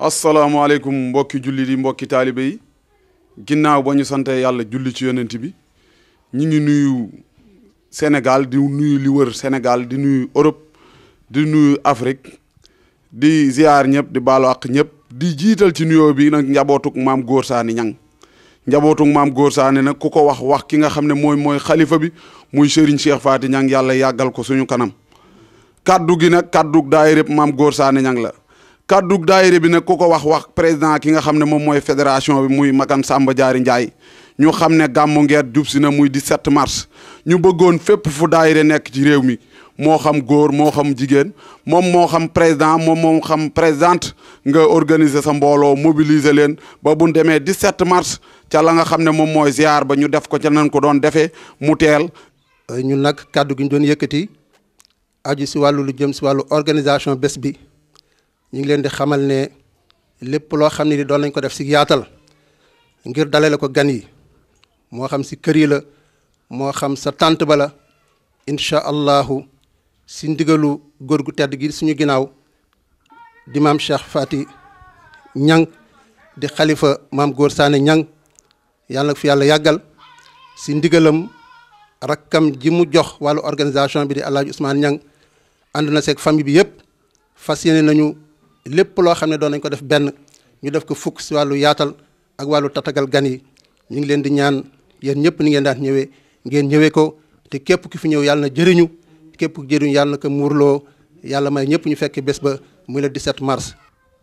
asalaamaaleykum mbokki jullit yi mbokki taalibe yi ginnaaw ba ñu sante yàlla julli ci yonent bi ñu nuyu senegal di nuyu li wër Sénégal di nuyu Europe di nuyu Afrique di ziar ñëpp di baalu àq ñëpp di jiital ci nuyoo bi nag njabootug maam Góor Saani ñang njabootug maam Góor Saani nag ku ko wax wax ki nga xam ne mooy mooy xalifa bi muy Serigne Cheikh Faty ñang yàlla yàggal ko suñu kanam kaddu gi na kaddu daayireb maam Góor Saani ñang la. kaddu daayira bi nag ku ko wax wax président ki nga xam ne moom mooy fédération bi muy magan Samba Diary Ndiaye ñu xam ne gàmmu ngeer jub si na muy 17 mars ñu bëggoon fépp fu daayira nekk ci réew mi moo xam góor moo xam jigéen moom moo xam président moom moo xam présidente nga organiser sa mbooloo mobiliser leen ba bu demee 17 mars ca la nga xam ne moom mooy ziar ba ñu def ko ca nañ ko doon defee mu teel. ñun nag kàddu gi ñu doon yëkkati aju si wàllu lu jëm si wàllu organisation bés bi. ñu ngi leen di xamal ne lépp loo xam ne ni doon nañ ko def si yaatal ngir dalale ko gan yi moo xam si kër yi la moo xam sa tànt bala la allahu si ndigalu góor gu tedd gi suñu ginnaaw di maam Cheikh Fati ñang di xalifa maam góor saane ñang yàlla fi yàlla yàggal si ndigalam rakkam ji mu jox wàllu organisation bi di El Hadj Ousmane ñang ànd na seeg famille bi yëpp fas lépp loo xam ne doon nañ ko def benn ñu def ko fukk si wàllu yaatal ak wàllu tatagal gan yi ñu ngi leen di ñaan yéen ñëpp ni ngeen daan ñëwee ngeen ñëwee ko te képp ki fi ñëw yàlla na jëriñu képp ku jëriñu yàlla na ko muurloo yàlla may ñëpp ñu fekk bés ba muy le 17 mars.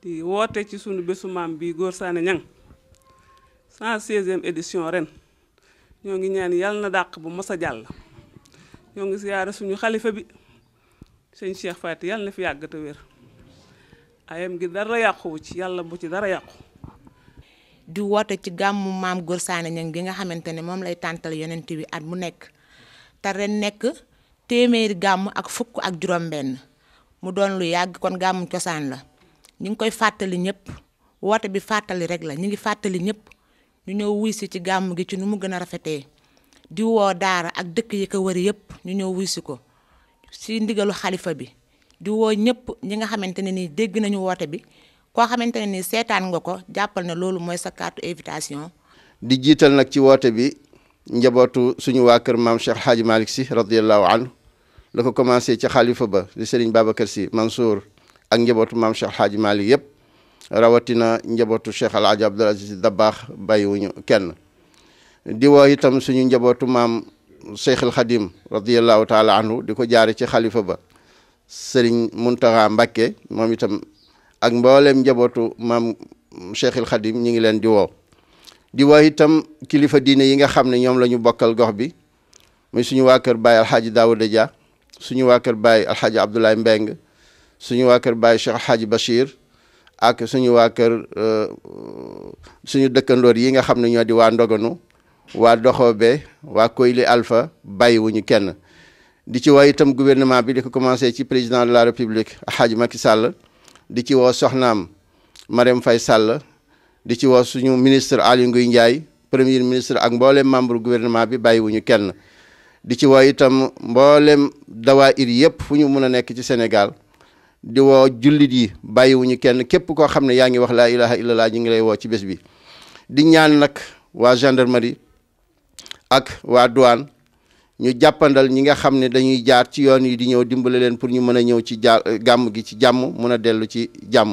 di woote ci sunu bésu maam bi góor Sané Niang 116e édition ren ñoo ngi ñaan yàlla na dàq bu mos a jàll ñoo ngi siyaare suñu xalifa bi sëñ Cheikh Faty yàlla na fi yàgg te wér. ayam gi dara yàquwu ci yàlla bu ci dara yàqu di woote ci gàmmu maam Gor Sané Niang gi nga xamante ne moom lay tàntal yonent bi at mu nekk te ren nekk téeméeri gàmm ak fukk ak juróom-benn mu doon lu yàgg kon gàmmu cosaan la ñu ngi koy fàttali ñëpp woote bi fàttali rek la ñu ngi fàttali ñëpp ñu ñëw wuy ci gàmm gi ci nu mu gën a rafetee di woo daara ak dëkk yi ko wër yëpp ñu ñëw wuy ko si ndigalu xalifa bi di woo ñëpp ñi nga xamante ne nii dégg nañu woote bi koo xamante ne nii seetaan nga ko jàppal na loolu mooy sa carte invitation. di jiital nag ci woote bi njabootu suñu waa kër maam Cheikh Hadj Malick Sy radiyallahu anhu la ci xalifa ba di Serigne Babacar Sy Mansour ak njabootu maam Cheikh Hadj yëpp rawatina njabootu Cheikh El Hadj Abdoul Aziz Dabakh bàyyiwuñu kenn di woo itam suñu njabootu maam Cheikh El Khadim radiyallahu taala anhu di ko jaare ci xalifa ba. sëriñ Muntaxa Mbàkke moom itam ak mbooleem njabootu maam Cheikhul Khadim ñu ngi leen di woo di woo itam kilifa diine yi nga xam ne ñoom la ñu bokkal gox bi muy suñu waa kër Baye Alxaaji Daawuda Dia suñu waa kër Baye Alxaaji Abdoulaye Mbeng suñu waa kër Baye Cheikh Alxaaji Bachir ak suñu waa kër euh, suñu dëkkandoor yi nga xam ne ñoo di waa Ndoganu waa Doxobe waa Koyli Alpha bàyyiwuñu kenn di ci woo itam gouvernement bi di ko commencé ci président de la république Hadj Macky Sall di ci woo soxnaam Marème fay Sall di ci woo suñu ministre Aly Ngouille Ndiaye premier ministre ak mboolem membre gouvernement bi bàyyiwuñu kenn di ci woo itam mboolem dawaayir yëpp fu ñu mun a nekk ci Sénégal di woo jullit yi bàyyiwuñu kenn képp koo xam ne yaa ngi wax laa ilaha illallah ñu ngi lay woo ci bés bi di ñaan nag waa gendarmerie ak waa duwaan ñu jàppandal ñi nga xam ne dañuy jaar ci yoon yi di ñëw dimbale leen pour ñu mën a ñëw ci ja gàmm gi ci jàmm mën a dellu ci jàmm